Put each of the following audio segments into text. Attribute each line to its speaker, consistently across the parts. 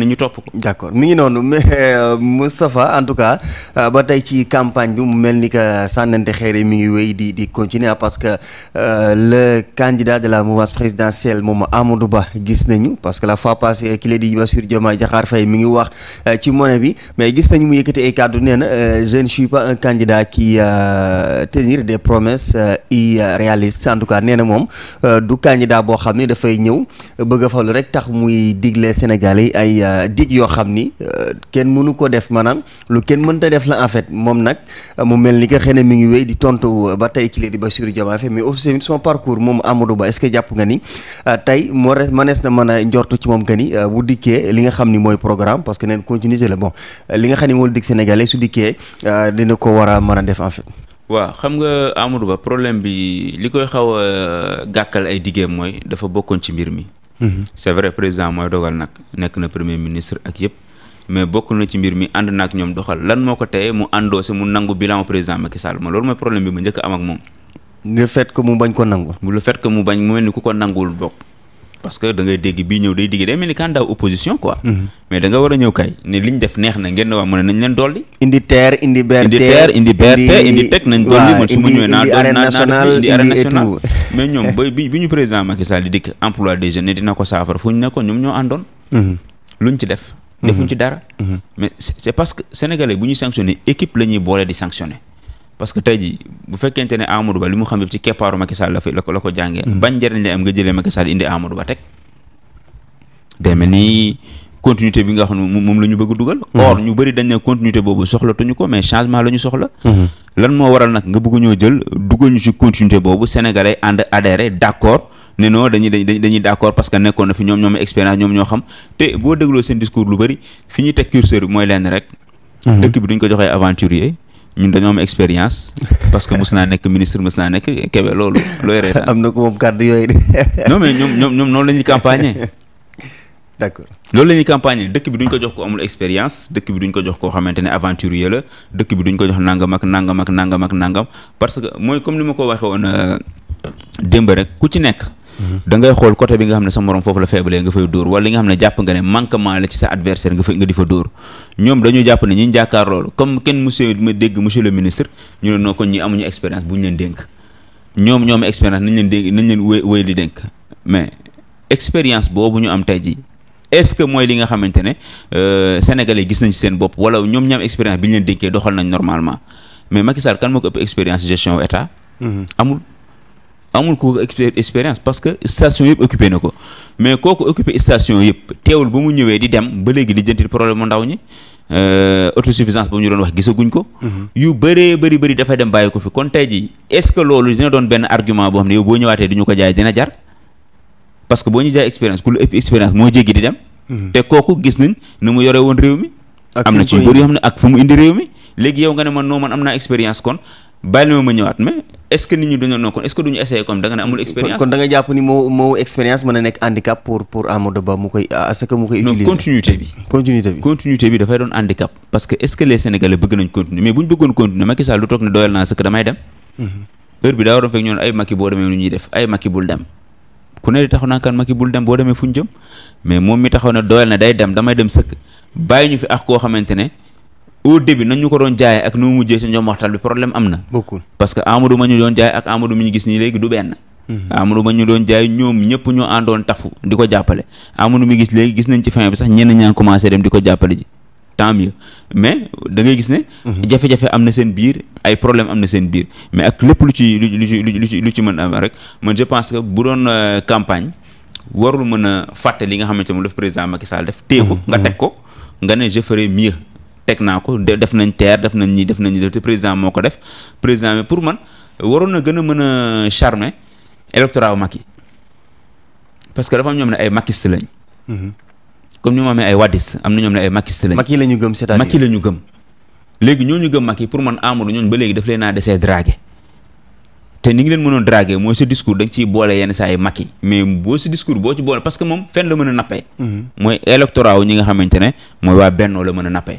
Speaker 1: ni ñu topp ko. d' accord mi ngi noonu euh, Moustapha en tout cas euh, ba tey ci campagne bi mu mel ni que sànnante xeer yi mi ngi wéy di di continuer parce que euh, le candidat de la mouvance présidentielle moom Amadou Ba gis nañu parce que la fois passée ki la di Bassirou Diomaye Diakhar Faye mi ngi wax ci monnaie bi mais gis nañu mu yëkkati ay kàddu nee na je ne suis pas un candidat qui tenir des promesses irréalistes en tout cas nee na moom du candidat boo xam ne dafay ñëw Euh, dig yoo xam ni euh, kenn mënu ko def maanaam lu kenn mënta def la en fait moom nag euh, mu mel ni que xëy na mi ngi wéy di tontu ba tey ci lii di Bassirou Diomaye Faye mais aussi son parcours moom Amadou Ba est ce que jàpp nga ni tey moo re mënees na mën a njortu ci moom que ni bu dikkee li nga xam ni mooy programme parce que neen continuité la bon li nga xam ni moom dig Sénégalais su dikkee dina ko war a mën a def en fait.
Speaker 2: waaw xam nga Amadou Ba problème bi li koy xaw a ay diggéem mooy dafa bokkoon ci mbir mi. Mhm. c'est vrai président mooy dogal nag nekk na premier ministre ak yëpp mais bokk na ci mbir mi ànd naak ñoom doxal lan moo ko teye mu àndoo se mu nangu bilan président Macky Sall ma loolu mooy problème bi ma njëkk am ak moom le fait que mu bañ ko nangu le fet que mu bañ mu mel ni ku ko nanguwul bokk parce que da ngay dégg bii ñëw day digg day mel ni candidat opposition quoi. Mhm. mais da war a ñëw kay ne liñ def neex na ngeen ne waa mën nañ leen dolli. indi terre indi berté indi terre indi berté indi teg nañ dolli su ma ñëwee naa dolli naa ñu ñoo àndoon. Mhm. luñ ci def. Mhm. defuñ ci dara. mais c'est parce que sénégalais bu ñuy sanctionné équipe la ñuy boole di sanctionné. parce que tey jii bu fekkente ne Amadou Ba li mu xam yëpp ci keppaaru Macky Sall la fi la ko la ko jàngee. Mm. la am nga jëlee Macky indi Amadou Ba teg. demee ni continuité bi nga xam ne moom la ñu bëgg dugal. Mm. or ñu bëri dañ ne continuité boobu soxlatuñu ko mais changement la ñu soxla. Mm-hmm. lan moo waral nag nga bëgg ñoo jël dugal ñu ci continuité boobu sénégalais ànd adhéré d' accord. ne non dañuy dañuy dañuy d' parce que nekkoon na fi ñoom ñoom expérience ñoom ñoo xam te boo dégloo seen discours lu bëri fi ñuy teg curseur mooy lenn rek. Mm-hmm. dëkk duñ ko joxee aventurier ñun dañoo am expérience parce que mos naa nekk ministre mos naa nekk Kébé loolu looy reetaan. am na ko moom kàddu yooyu de. ñoom ñoom ñoom noonu la ñuy campagner. d' loolu la ñuy campagner dëkk bi duñ ko jox ko amul expérience dëkk bi duñ ko jox koo xamante ne aventurier la dëkk bi duñ ko jox nangam ak nangam ak nangam ak nangam parce que mooy comme ni ma ko waxee woon euh, démb rek ku ci nekk. da ngay xool côté bi nga xam ne sa morom foofu la faible nga fay dóor wala li nga xam ne jàpp nga ne manquement la ci sa adversaire nga fay nga di fa dóor ñoom dañoo jàpp ne ñi jàkkaar loolu comme kenn monsieur ma dégg monsieur le ministre ñu ne noo kon ñi amuñu expérience bu ñu leen dénk nañ leen dénk nañ leen wé wéy di mais expérience boobu ñu am tey ji est-ce que mooy li nga xamante ne euh, sénégalais gis nañ ci seen bopp wala ñoom ñi am expérience bi ñu leen dénkee doxal nañ normalement mais Macky Sall kan moo ko ëpp amul ku expérience parce que station yëpp occupé na ko mais kooku occupé station yëpp teewul ba mu ñëwee di dem ba léegi di jënti problème mu ndaw ñi euh, autosuffisance bu ñu doon wax gisaguñ ko. Mhm. yu bëree bëri bëri dafa dem bàyyi ko fi kon tey ji est-ce que loolu dina doon benn argument boo xam ne yow boo ñëwaatee du ñu ko jaay dina jar parce que boo ñu jaay expérience ku lu ëpp expérience moo jéggi di dem. Mhm. te kooku gis nañ nu mu yoree woon réew mi. am na ci yu bëri yoo ak mu indi réew mi. léegi yow nga ne man noo man am naa expérience kon bàyyil ma ma ñëwaat mais est-ce nit ñi dañoo non kon est-ce que comme da ne amul expérience. moo expérience mën a nekk handicap pour pour Amadou Ba mu koy à ce que mu koy. utiliser bi. continuité bi dafay doon handicap. parce que est-ce que les sénégalais bëgg mais bu ñu bëggoon continuer Macky Sall du toog ne doyal naa sëkk damay dem.
Speaker 1: Mm-hmm.
Speaker 2: heure bi daa waroon fekk ñoon ay Macky boo demee nu ñuy def ay Macky bul dem. ku ne di taxaw naan kan mi taxaw ne doyal na day dem koo xamante ne au début nañ ñu ko doon jaayee ak nu mu mujjee si ñoom waxtaan bi problème am na. bokkul parce que Amadou ma ñu doon jaay ak Amadou mi ñu gis nii léegi du benn. Mhm. Amadou ma ñu doon jaay ñoom ñëpp ñoo àndoon tafu di ko jàppale. Amadou mi gis léegi gis nañ ci fin bi sax ñenn ñaa commencé dem di ko jàppale ji mais da gis ne. Mhm. jafe am na seen biir ay problème am na seen biir mais ak lépp lu ci lu ci lu ci lu ci mën am rek man je pense que bu doon euh, campagne warul mën a fàtte li nga xamante ne moom la président Macky Sall def. téye ko mhm. nga teg ko nga ne je ferai teg naa ko def nañ teer def nañ ñi def nañ ñi def te président ko def président bi pour man waroon na gën a mën a charmer électorat wu Macky parce que dafa ñoom ne ay makiste lañ. Mhm. comme ni ma amee ay waddis am na ñoom ne ay makiste lañ. la ñu gëm c'est-à-dire Macky la ñu gëm. léegi ñooñu gëm Macky pour man Amadou ñooñu ba léegi daf leen naa desee dragué te ngi leen mënoon dragué mooy sa discours da nga ciy boole yenn sa ay Macky mais boo si discours boo ci boole parce que moom fenn la mën a nappee. Mhm. mooy électorat ñi nga xamante ne mooy waa Bennoo la mën a nappee.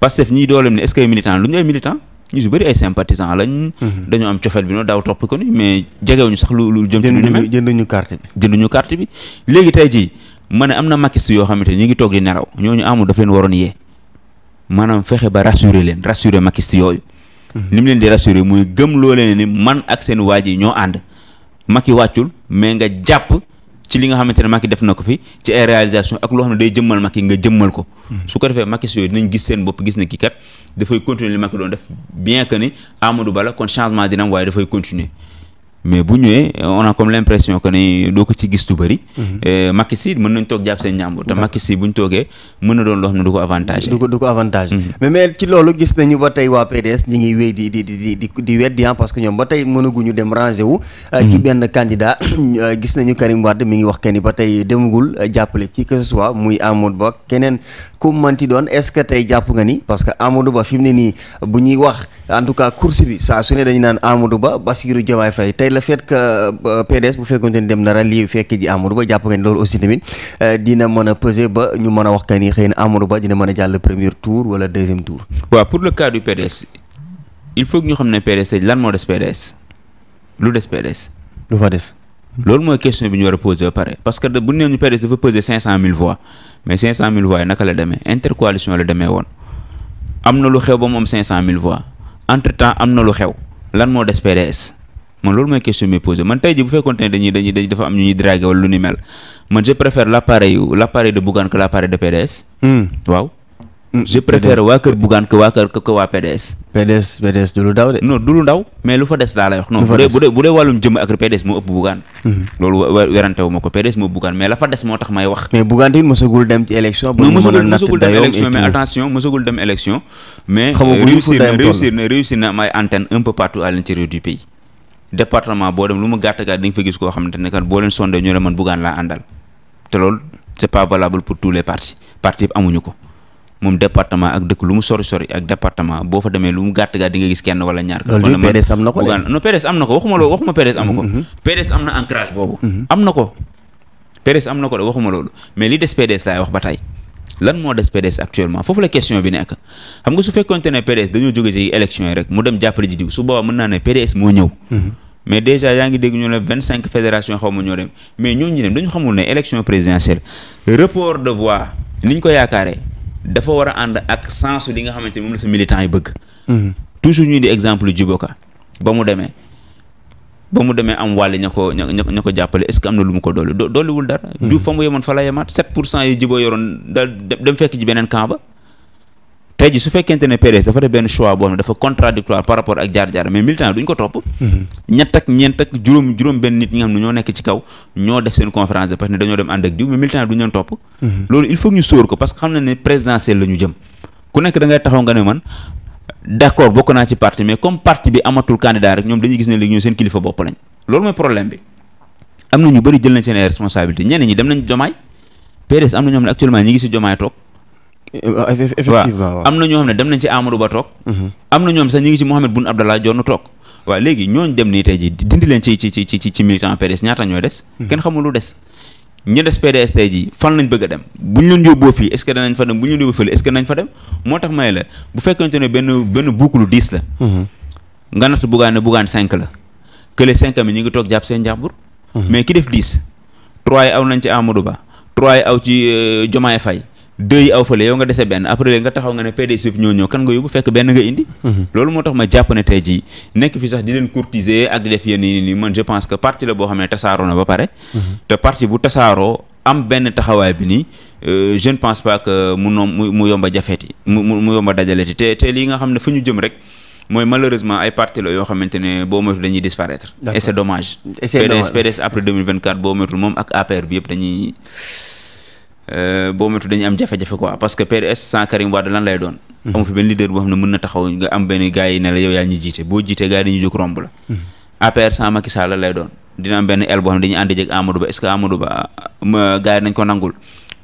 Speaker 2: Pastef ñiy dooleem ne est-ce que ay militant lu ñu ay militant ñu si bëri ay sympathisant lañ. Mhm. dañoo am cofeel bi noonu daaw topp ko ni mais jegewuñu sax lu lu jëm ci lu ni mel jënduñu carte bi jënduñu carte bi léegi tey ji mane am na makis yoo xamante ni ñu ngi toog di ñoo ñu amul daf leen waroon yee maanaam fexe ba rassurer leen rassurer makis yooyu mhm. ni mu leen di rassurer muy gëm loo leen ni man ak seen waaj yi ñoo ànd maki wàccul mais nga jàpp ci li nga xamante ne Macky def na ko fi ci ay réalisation ak loo xam ne day jëmmal Macky nga jëmmal ko hmm. su ko defee Macky yooyu dinañ gis seen bopp gis na kii kat dafay continuer li Macky doon def bien que ni Amadou bala kon changement dina waaye dafay continuer mais bu ñëwee on a comme l'impression que ni doo ko ci gis lu bëri. Mhm. Eh, Macky Sall mën nañ toog jàpp seen ñàmbur te Macky Sall toogee mën na doon loo xam ne du ko avantage. du ko du avantage. Mhm.
Speaker 1: mais mais ci loolu gis nañu ba tey waa PDS ñi ngi weddi ah, parce que ñoom ba tey mënaguñu dem rangé wu. Euh, ci mhm. benn candidat euh, gis nañu Karim Wade mi ngi wax kenn ba tey demagul euh, jàppale ki que ce soit muy Amadou Ba keneen ku manti doon est tey jàpp nga ni parce que Ba fi mu nii bu ñuy en tout cas course bi saa su ne dañu naan Amadou Ba Bassirou Diomaye Faye tey la fait que euh, PDS bu fekkonte ni dem na rallier fekk ji Amadou Ba jàpp ngeen loolu aussi tamit euh, dina mën a peser ba ñu mën a wax que ni xëy na Amadou Ba dina mën a jàll premier tour wala deuxième tour.
Speaker 2: waaw pour le cas du PDS il faut que ñu xam ne PDS lan moo des PDS lu des PDS. lu fa des. loolu mooy question bi ñu war a poser ba pare parce que bu ñu nee PDS dafa peser cinq cent mille voix mais cinq cent mille voix yi naka na lu xew ba moom cinq cent mille voix. entre temps am na lu xew lan moo des PDS man loolu mooy question bi posé man tey ji bu fekkoon ne dañuy dañuy dañuy dafa am ñu ñuy dragué wala lu ni mel man je préfère l' appareil l' appareil de Bougane que l' appareil de PDS. Hmm. waaw Mm. je préfère waa kër Bougane que waa kër que waa PDS. PDS du lu daw de. non du lu daw mais lu fa des laa wax. non bu dee bu dee bu dee wàllum PDS moo ëpp Bougane. Mm-hmm. loolu werante ko PDS moo Bougane mais la fa des moo tax may wax.
Speaker 1: mais Bougane tamit mosagul réussir
Speaker 2: na réussir na un peu partout à l'intérieur du pays. département boo dem lu mu gàtt gàtt di nga gis koo xamante ne kat boo leen sondee ñu man Bougane laa àndal te loolu c'est pas valable moom département ak dëkk lu mu sori sori ak département boo fa demee lu mu gàtt gaa di gis kenn wala ñaar ka loolu PDS am am na ko waxuma loolu waxuma mm-hmm. mm-hmm. am na ko waxuma loolu mais li des PDS laay wax ba tey lan moo des PDS actuellement foofu la question bi nekk xam nga su fekkonte ne PDS dañoo jóge ci élection yi rek mu dem jàppale ji diw su mën naa ne PDS moo ñëw mm-hmm. mais déjà yaa ngi dégg ñu ne vingt cinq fédération xaw ma ñoo dem mais dafa war a ànd ak sensu li nga xamante ni moom la sa militant yi bëgg. Mhm. toujours ñuy di exemple ka ba mu demee ba mu demee am wàll ña ko ña ña ko jàppale est ce que am na lu mu ko dolli dolliwul dara. Diouf mhm. fa mu yemoon fa la yemaat 7 pour cent yi Djibo yoroon da dem fekk ji beneen camp tey ji su fekkente ne PDS dafa def benn choix boo ne dafa contradictoire par rapport ak jaar-jaar mais militant duñ ko topp mhm. ñett ak ñeent ak juróom juróom benn nit ñi nga xam ne ñoo ne mhm. présidentielle ñi ngi si jomaay toog
Speaker 1: effectivement waaw am
Speaker 2: na ñoo xam ne dem nañ ci Amadou Ba toog mhm. am na ñoom sax ñu ngi ci Mohamed Boun Abdallah Dionne toog waaw léegi ñooñ dem nii tey ji dindi leen ci ci ci ci ñaata ñooy des mhm. kenn xamul lu des ñu des PDS tey ji fan lañ bëgg a dem bu ñu leen yóbboo fii est-ce que danañ fa dem bu ñu leen yóbboo fële est-ce que fa dem moo tax may la bu fekkente ne benn benn boucle lu diis la mhm. nga natt bugaan ne cinq la kële cinq mi ñu ngi toog jàpp seen jàmbur mais ki def dix trois yi aw nañ ci Amadou deux yi aw fële yow nga dese benn après léegi nga taxaw nga ne PDS ñoo ñëw kan nga yóbbu fekk benn nga indi mhm. loolu moo tax ma jàpp ne tey jii nekk fi sax di leen courtiser ak def yenn yi nii man je pense que parti la boo xam ne tasaaroo na ba pare mhm. te parti bu tasaaroo am benn taxawaay bi nii euh, je ne pense pas que mu noom mu mu yomba jafeeti mu mu yomba dajaleeti te te lii nga xam ne fu ñu jëm rek mooy malheureusement ay parti la yoo xamante ne boo moytu dañuy disparaître et c'est dommage PDS PDS après 2024 boo moytul moom ak APR yëpp dañuy Euh, boo métu dañu am jafe-jafe quoi parce que PDS sans Karim Wade lan lay doon hmm. amu fi benn leader boo xam ne mën na taxaw nga am benn gars yi ne la yow yaa ñu jiite boo jiitee gars yi dañuy jóg romb la hmm. APR sans Macky lay doon dina am benn el boo xam ne dañuy ànd jëg Amadou Ba est-ce que Amadou nañ ko nangul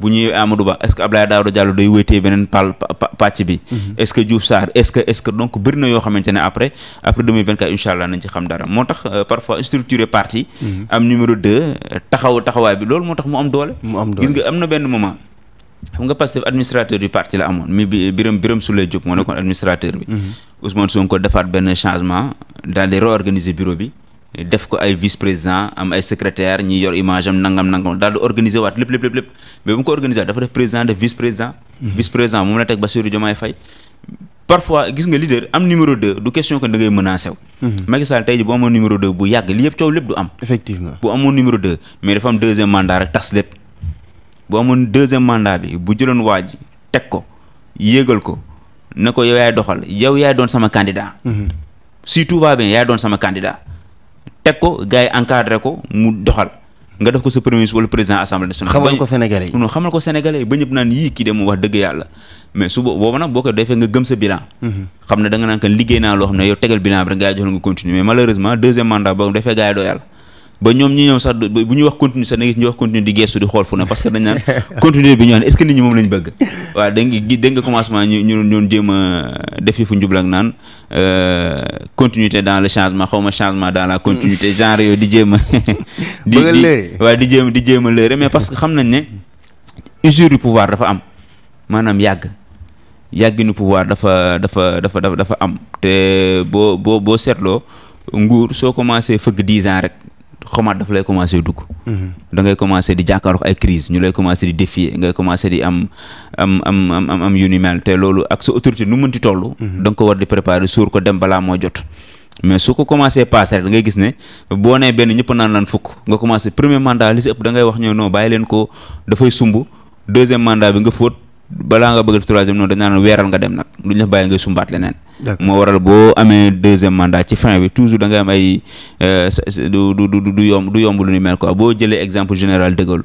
Speaker 2: bu ñëwee Amadou Ba est-ce que Abdoulaye Daouda Diallo day wéetee beneen pal pàcc bi mhm. est-ce que Diouf Sarr est-ce que est-ce que donc bëri na yoo xamante ne après après 2024 incha allah nañ ci xam dara moo tax euh, parfois structuré parti mhm. am numéro deux taxaw taxawaay bi loolu moo tax mu am doole gis nga am na benn moment xam nga Pastef administrateur du parti la amoon mi bi Birame Birame Souleye Diop moo nekkoon administrateur bi mhm. Ousmane Sonko defaat benn changement daal di réorganiser bi def ko ay vice président am ay secrétaire ñi yor image nangam nangam daal di organiser waat lépp lépp lépp bu mu ko organiser waat dafa def président def mhm. la teg Bassirou Diomaye Faye. parfois da ngay menacé wu. Mhm. Macky Sall tey ji bu amoon numéro 2 bu yàgg li yëpp coow lépp du yaay doxal yow yaay doon sama candidat. Mhm. teg ko gars yi ko mu doxal nga def ko sa premier ministre wala président assemblée nationale. xamal ko sénégalais ba ñëpp naan yii kii de mu wax dëgg yàlla mais su boobu nag boo ko defee nga mhm. doo yàlla. ba ñoom ñi ñëw sax bu ñuy wax continuer sax da nga wax continuer di gestu di xool fu ne parce que dañ naan continuer bi ñu wax est ce que nit ñi moom lañ bëgg waaw da commencement ñu ñu ñoon jéem a def yi fu njublu naan euh, continuité dans le changement xaw ma changement dans la continuité genre yooyu di jéem a di waaw di jéem di jéem a mais parce que xam nañ ne usure du pouvoir dafa am maanaam yàgg yàgginu pouvoir dafa dafa dafa dafa am te boo boo boo seetloo nguur soo commencé fëgg dix ans rek xomaat dafa lay commencé dugg. Mm-hmm. da ngay commencé di jàkkaarloo ay crise ñu lay commencé di défier ngay commencé di am am am am am te loolu ak sa autorité nu mu mënti toll. Mm-hmm. ko war di préparer suur ko dem balaa moo jot. mais su ko commencé passé rek da gis ne boo nee benn ñëpp naan lan fukk nga commencé premier mandat li si ëpp da wax ñëw non bàyyi leen ko dafay sumb deuxième mandat bi nga fóot. balaa nga bëgg troisième noonu dañ weeral nga dem nag lu ñu def bàyyi ngay sumbaat leneen moo waral boo amee deuxième mandat ci fin bi toujours da nga am ay euh, du du du du yomb du yomb lu ñu mel ko boo jëlee exemple général de Gaulle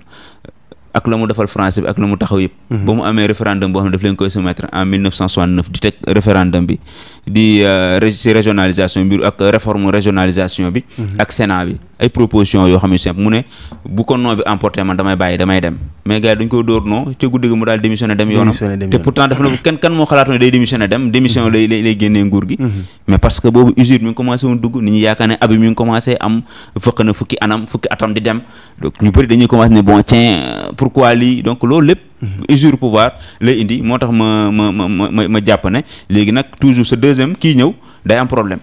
Speaker 2: ak la mu defal français bi ak la mu taxaw yëpp mhm. ba mu amee référendum boo xam ne daf leen koy soumettre en 1969 di teg référendum bi di euh, régionalisation bi ak réforme régionalisation bi mhm. ak Sénat bi ay proposition yoo xam ne simple mu ne bu ko non bi emporté man damay bàyyi damay dem mais gars yi dañ ko dóor non ca guddi mu daal démissionné ne dem démission mhm. lay lay nguur gi mhm. mais parce que boobu usure mi ngi commencé woon dugg nit ñi ne abi mi ngi commencé am fëq na fukki anam fukki atam di dem ñu bëri dañuy commencé ne bon tiens pourquoi lii donc loolu lépp Mm-hmm. usure pouvoir lay indi moo tax ma ma ma ma ma jàpp ne léegi nag toujours sa deuxième kii ñëw day am problème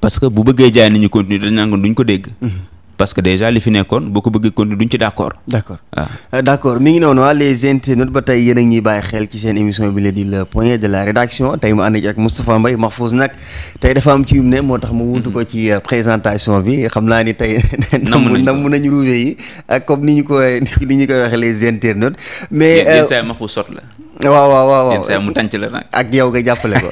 Speaker 2: parce que bu bëggee jaay nit ñi continuer dañ naan duñ ko dégg mm-hmm. parce que déjà li fi nekkoon boo ko bëggee continuer duñ ci d'accord. d'accord waaw ah.
Speaker 1: euh, d'accord mi ngi noonu ah les internautes ba tey yéen a ngi ñuy bàyyi xel ci seen émission bi la di le point de la rédaction tey mu ànd ak Moustapha Mbaye Mahfouz nag tey dafa am ci yum ne moo tax mu wuutu ko mm-hmm. ci euh, présentation bi xam naa ni tey. namm namm nañu ruwee yi ak comme ni ñu ko ni ñu koy waxee les internautes. mais yéen euh, Mahfouz sot la. waaw waaw waaw yenn saa mu tànc la nag. ak yow nga jàppale ko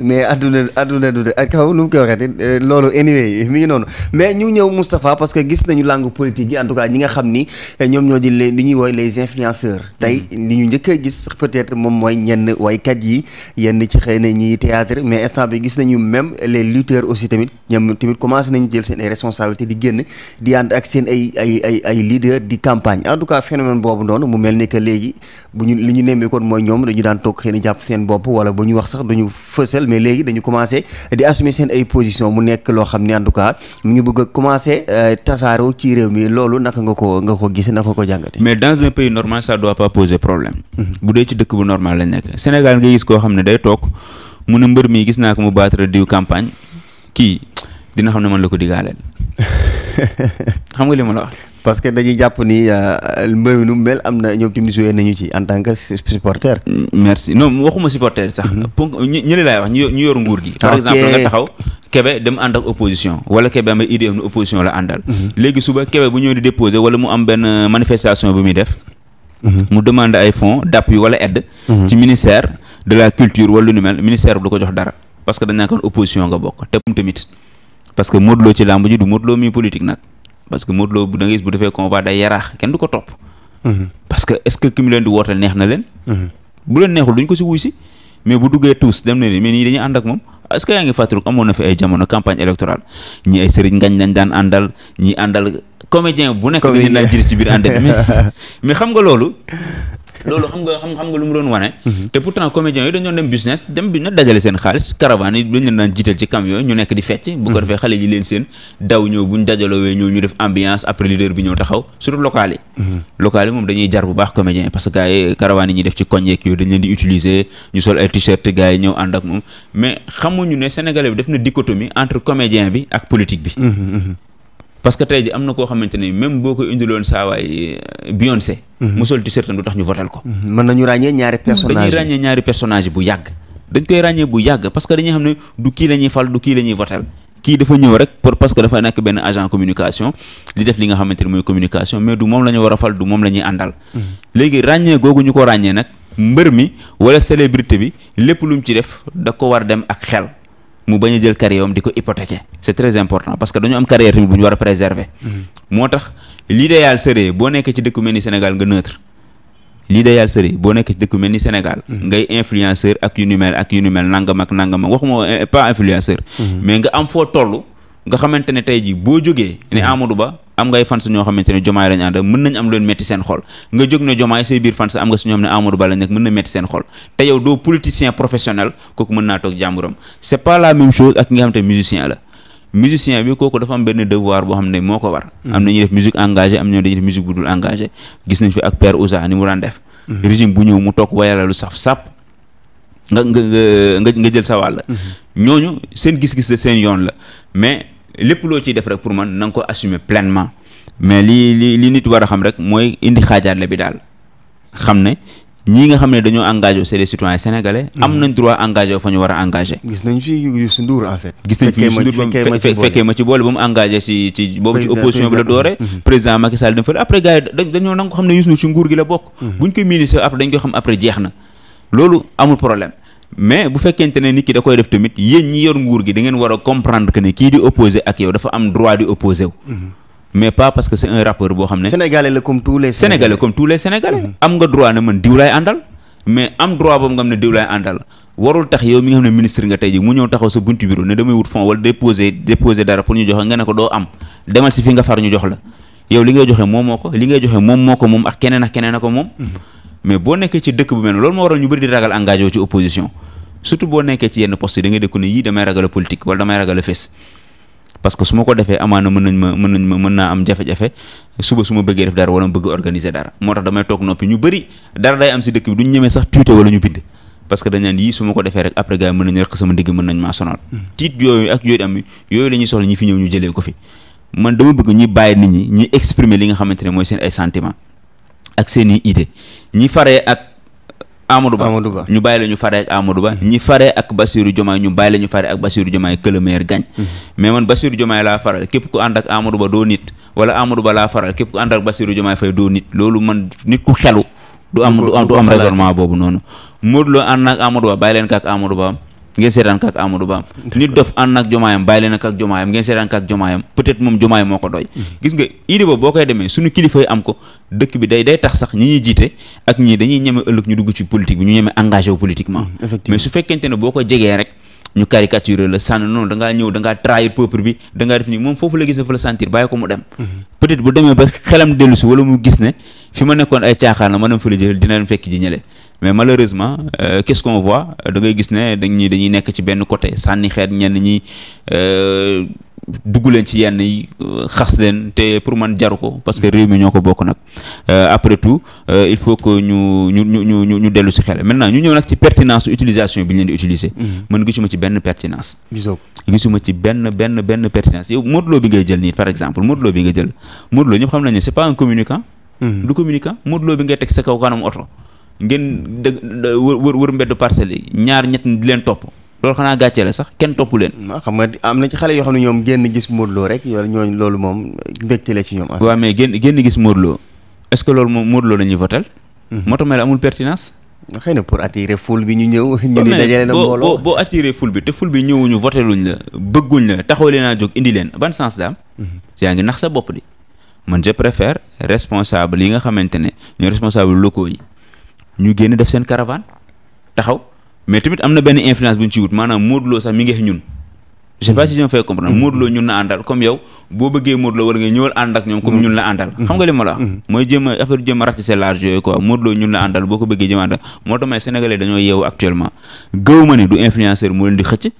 Speaker 1: mais adduna adduna du de ak xaw nu mu koy waxeeti eh, loolu anyway mi noonu mais ñu ñëw Moustapha parce que gis nañu langue politique yi en tout cas ñi nga xam ni eh, ñoom ñuy woy les influenceurs. tey mm-hmm. li ñu njëkk a gis peut-être moom mooy ñenn waykat yi yenn ci xëy na ñiy théâtre mais instant bi gis nañu même les lutteurs aussi tamit ñoom tamit commencé nañu jël seen ay responsabilités di génn di ànd ak seen ay ay ay di campagne en tout cas phénomène boobu noonu mu mel ni que léegi bu mooy ñoom dañu daan toog xëy na jàpp seen bopp wala ba ñu wax sax dañu fësal mais léegi dañu commencé di assumer seen ay position mu nekk loo xam ne en mu ngi bëgg a euh, tasaaroo ci réew mi loolu naka nga ko nga ko gisee naka ko jàngate
Speaker 2: mais dans un pays normal ça doit pas poser problème mm-hmm. bu dee ci dëkk bu normal lañ nekk Sénégal nga gis koo xam ne day toog mu ne mbër mi gis naa ko mu battre diw campagne kii dina xam ne man la ko digaaleel xam nga li ma la wax.
Speaker 1: parce que dañuy jàpp ni euh, mbër mi nu mel am na ñoom tamit joué nañu ci en tant que supporter.
Speaker 2: merci non waxuma supporter sax. Mhm. ponk ñi ñële laay wax ñu yor nguur gi. par exemple nga taxaw. Kébé dem ànd ak opposition wala Kébé am idée am opposition la àndal. Mhm. léegi suba Kébé bu ñëw di déposer wala mu am benn euh, manifestation bi muy def. Mhm. mu demande ay fonds d'appui wala aide. ci ministère de la culture wala lu nu mel ministère bi du ko jox parce que dañ naan opposition bokk tamit. parce que Modou ci làmb ji du Modou Lo mi nag parce que Modou Lo bu da ngay gis bu day yaraax kenn du ko topp. Mhm. parce que est-ce que ki leen di woote neex na leen. Mhm. bu leen neexul duñ ko si wuy si mais bu duggee tous dem na ni mais nii dañuy ànd ak moom est-ce que yaa ngi fàttaliku amoon na fi ay jamono campagne électorale ñi ay sëriñ ngañ daan àndal ñi àndal comédien bu nekk. comédien daan jël ci biir ànd mais mais xam nga loolu. loolu xam nga xam xam nga lu mu doon wane. Mhm. te pourtant comédiens yi dañoon dem business dem bi na dajale seen xaalis caravane yi dañ leen daan jiital ci camion ñu nekk di fecc bu mhm. defee xale yi leen seen daw ñëw buñ dajaloowee ñëw ñu def ambiance après leader bi ñëw taxaw surtout local yi mhm. local yi moom dañuy jar bu baax comédiens yi parce que gars yi caravane yi ñuy def ci koñ yeeg yooyu dañ leen di utiliser ñu sol ay t-shirt gars ñëw ànd ak moom mais xamuñu ne sénégalais bi def na dichotomie parce que tey ji am na koo xamante ne même boo ko indiloon saawaay euh, Beyoncé mhm. mosol ti certain du tax ñu votel ko mhm. mën nañu ràññee ñaari personnage dañuy ràññee ñaari personnage bu yàgg dañ koy ràññee bu yàgg parce que dañuy xam ne du kii la fal du kii la ñuy votel kii dafa ñëw rek pour parce que dafa nekk benn agent communication li def li nga xamante ne mooy communication mais du moom la ñu a fal du moom la àndal mhm. léegi ràññee googu ñu ko ràññee nag mbër mi wala célébrité bi lépp lu mu ci def da ko war dem ak xel mu bañ a jël carrière am di ko hypothéquer c'est très important parce que dañu am carrière tamit bu ñu war a préserver mm-hmm. moo tax l'idéal serait boo nekkee boo nekkee ci dëkku mel ni Sénégal mm-hmm. ngay influenceur ak yu ni mel ak yu ni mel nangam ak nangam eh, pas influenceur mm-hmm. mais nga am foo toll nga xamante ne boo jógee ne Amadou Ba am ngay fans ñoo xamante ne jomaay lañ àndal mën nañ am leen metti seen xol nga jóg ne jomaay say biir fans am nga si ñoom ne Amadou Ba lañ mën na metti seen xol te yow doo politicien professionnel kooku mën naa toog jàmburam c'est pas la même chose ak nga xam te la moo ko war hmm. am na ñuy def musique engagée sa wàll hmm. ñooñu seen gis-gis la seen yoon la mais lépp loo ci def rek pour man na ko assumer pleinement mais li li li nit war a xam rek mooy indi xaajaat bi daal xam ne ñii nga xam ne dañoo engagé c'est des citoyens mm-hmm. am nañ droit engagé fa ñu war a engagé.
Speaker 1: gis nañ fi Youssou Ndour en fait. gis nañ fi Youssou Ndour fekkee ma
Speaker 2: ci boole ba mu engagé si ci boobu ci opposition bi la doore. Mm-hmm. président Macky Sall dañ fa après gars dañoo nangu xam ne Youssou Ndour ci nguur gi la bokk. Mm-hmm. buñ ko ministre après dañ ko xam après jeex na loolu amul problème. mais bu fekkente ne nit ki da koy def tamit yéen ñi yor nguur gi da ngeen war a comprendre que ne kii di opposé ak yow dafa am droit di opposé mhm. mais pas parce que c'est un rappeur boo xam ne. sénégalais la comme tous les. sénégalais comme tous les sénégalais. Mhm. am nga droit ne man diw àndal. mais am droit boobu nga xam ne diw àndal warul tax yow mi nga xam ne ministre nga tey ji mu ñëw taxaw sa buntu bureau ne damay wut fond wala déposer déposer dara pour ñu joxe nga ne ko doo am demal si fi nga ngay joxe moom moo ko li keneen ak keneen a ko moom. Mhm. mais boo nekkee ci dëkk bu mel loolu moo di ragal engagé wu surtout boo nekkee ci yenn poste yi da ngay dëkku ne yii damay ragal a politique damay ragal a fés parce que su ma ko defee amaana mën nañ ma mën nañ ma mën naa am jafe-jafe suba su ma bëggee def dara wala ma bëgg organiser dara moo tax damay toog noppi ñu bëri dara day am si dëkk bi duñ ñemee sax tuute wala ñu bind parce que dañ naan yii su ma ko defee rek après gars mën nañu rek sama ndigg mën nañ maa sonal hmm. tiit yooyu ak yooyu am yooyu la ñi fi ne mooy seen ay sentiment ak seen i idée Amadou Ba Amadou Ba ñu bàyyi la ñu faree ak Amadou Ba ñi faree ak Bassirou Diomaye ñu bàyyi la ñu faree ak Bassirou Diomaye que le meilleur gagne mhm. mais man Bassirou Diomaye laa faral képp ku ànd ak Amadou Ba doo nit wala Amadou Ba laa faral képp ku ànd ak Bassirou Diomaye doo nit loolu man nit ku xelu du am du am raisonnement boobu noonu Modou Lo ànd ak Amadou Ba bàyyi leen ko ngeen seetaan ka ak Amadou Ba nit dof ànd ak jomaayam bàyyi leen ak ak jomaayam ngeen seetaan ka ak jomaayam peut moom jomaay moo ko doy gis ne boo la sànn bàyyi ko mu dem mhm. peut bu demee ba xelam dellu si mu gis ne fi ma nekkoon ay caaxaan la ma dem fa la dina leen fekk ji ñële mais malheureusement euh, qu'est-ce euh, da ngay gis ne dañuy dañuy nekk ci benn côté sànni xeet ñenn ñi euh, dugg leen ci yenn yi euh, xas leen te pour man jaru ko parce que réew mi ñoo ko bokk nag après tout euh, il faut que ñu ñu ñu ñu ñu dellu si xel maintenant ñu ñëw nag ci pertinence utilisation bi ñu leen di utiliser. Mm-hmm. man gisuma ci benn pertinence. gisoo gisuma ci benn benn benn pertinence yow Modou Lo bi ngay jël nii par exemple Modou bi nga jël Modou Lo xam nañu ne c'est pas un mm-hmm. bi ngay teg sa kaw kanam oto. ngeen dëgg wër wër mbedd parcelles yi ñaar ñett di leen topp loolu xanaa gàcce la sax kenn topp leen. xam nga am na ci xale yoo xam ne ñoom génn gis Modou Lo rek ñooñu loolu moom mbégte la ci ñoom. waaw mais génn gis Modou Lo est-ce que loolu moom Modou Lo la ñuy votel mhm. moo tax amul pertinence. xëy na pour attirer foule bi ñu ñëw. ñu ni dajale na mbooloo boo boo attirer foule bi te foule bi ñëwuñu voteluñ la bëgguñ la taxaw leen a jóg indi leen ban sens la am. Mhm. yaa ngi nax sa bopp di man je préfère responsable yi nga xamante ne ñooy responsable locaux yi ñu génn def seen caravane taxaw mais tamit am na benn influence bu ci wut maanaam Modou Lo sax mi ngi xeex ñun. je si je me fais comprendre mm-hmm. Lo ñun la àndal comme yow boo bëggee Modou Lo war nga ñëwal ànd ak ñoom comme mm-hmm. ñun la àndal xam nga li ma la wax mm-hmm. a affaire a ratisser large yooyu quoi Modou Lo ñun la àndal boo ko bëggee jéem a moo tax may sénégalais dañoo yeewu actuellement gëw ma ne du influenceur moo leen di xëcc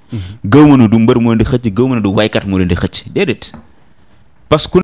Speaker 2: gëw ma ne du mbër moo leen di xëcc gëw ma du waykat moo leen di xëcc déedéet parce que